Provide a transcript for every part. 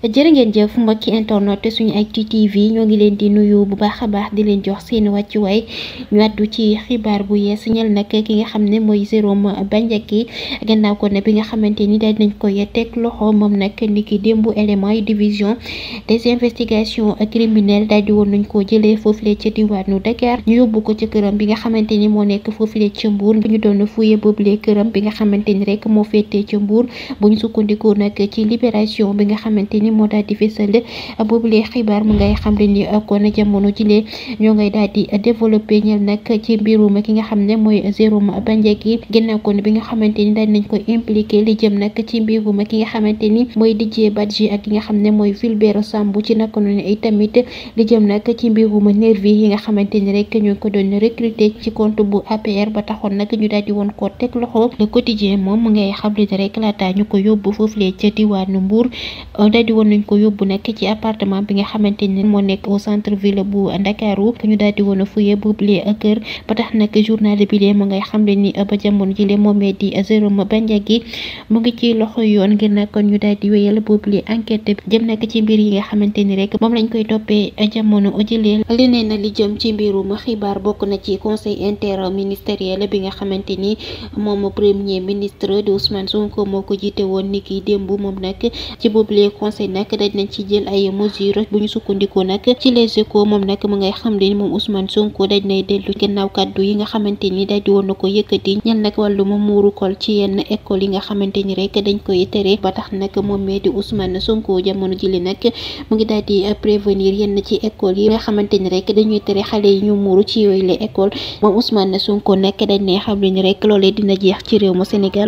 jërë ngeen jëf mbokki internet suñu actu tv ñoo ngi leen di nuyu bu baax a baax di leen jox seeni seen wàccuwaay ñu àddu ci xibaar bu yees ñel nag ki nga xam ne mooy Jérôme Bandiaky gannaaw ko ne bi nga xamante ni daal nañ koy teg loxo moom nag ni ki démb élément yi division des investigations criminelles daal di woon nañ ko jëlee foofule ci diwaanu Dakar ñu yóbbu ko ci këram bi nga xamante ni moo nekk foofule ci Mbour bu ñu doon fuyee boobule këram bi nga xamante ni rek moo féetee ci Mbour bu ñu sukkandikoo nag ci libération bi nga xamante ni moo daal di fésal boobu lee xibaar mu ngay xam le ni kon jamono ji lee ñoo ngay daal di développé ñel ci mbirum ki nga xam ne mooy Jérôme Bandiaky ginnaaw kon bi nga xamante ni daal nañ ko impliqué li jëm nag ci mbirum ki nga xamante ni mooy Didier Badji ak ki nga xam ne mooy Fulbert Sambou ci naka noonu itamit li jëm nag ci mbirum nervi yi nga xamante ni rek ñu ko doon recruter ci compte bu APR ba taxoon nag ñu daal woon koo teg loxo le quotidien moom mu ngay xam le ni rek laata ñu ko yóbbu foofu lee ca diwaanu Mbour daal woon nañ ko yóbbu nag ci appartement bi nga xamante ni a fuyee boobule kër ba tax nag yi nga xamante ni rek moom lañ koy toppee jamono jëlee leneen na li jëm ci mbirum xibaar bokk na ci conseil interministériel bi nga xamante ni moom premier ministre di Ousmane Sonko moo ko jiite woon ni démb moom nag ci boobule conseil nag daj nañ ci jël ay mesures bu ñu sukkandikoo nag ci les échos moom nag mu ngay xam leen moom Ousmane Sonko daj nay dellu gannaaw kàddu yi na mu muuru kol ci yenn école yi nga xamante ni rek dañ koy tere ba euh, yi nga xamante ni rek dañuy tere xale yi ñu muuru ci yooyu la école moom Ousmane Sonko nag dañ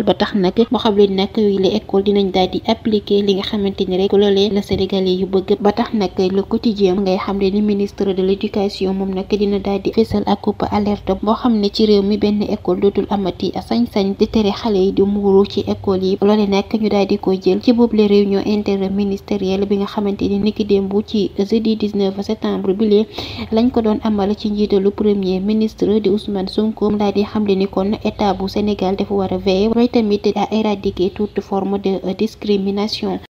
ba tax nag moo xam leen nag yooyu la di appliquer li nga xamante ni rek loolee la sénégalais yu bëgg ba tax nag le quotidien ngay xam ne ni ministre de l' éducation moom nag dina daal di fésal ak coupe alerte boo xam ne ci réew mi benn école dootul amati sañ-sañ di tere xale yi di muuru ci école yi loole nekk ñu daal di ko jël ci boobu la réunion interministérielle bi nga xamante ni niki bu ci jeudi 19 septembre bi lee lañ ko doon amal ci njiitalu premier ministre di Ousmane Sonko mu daal di xamle ni kon état bu Sénégal dafa war a veiller waaye tamit à éradiquer toute forme de discrimination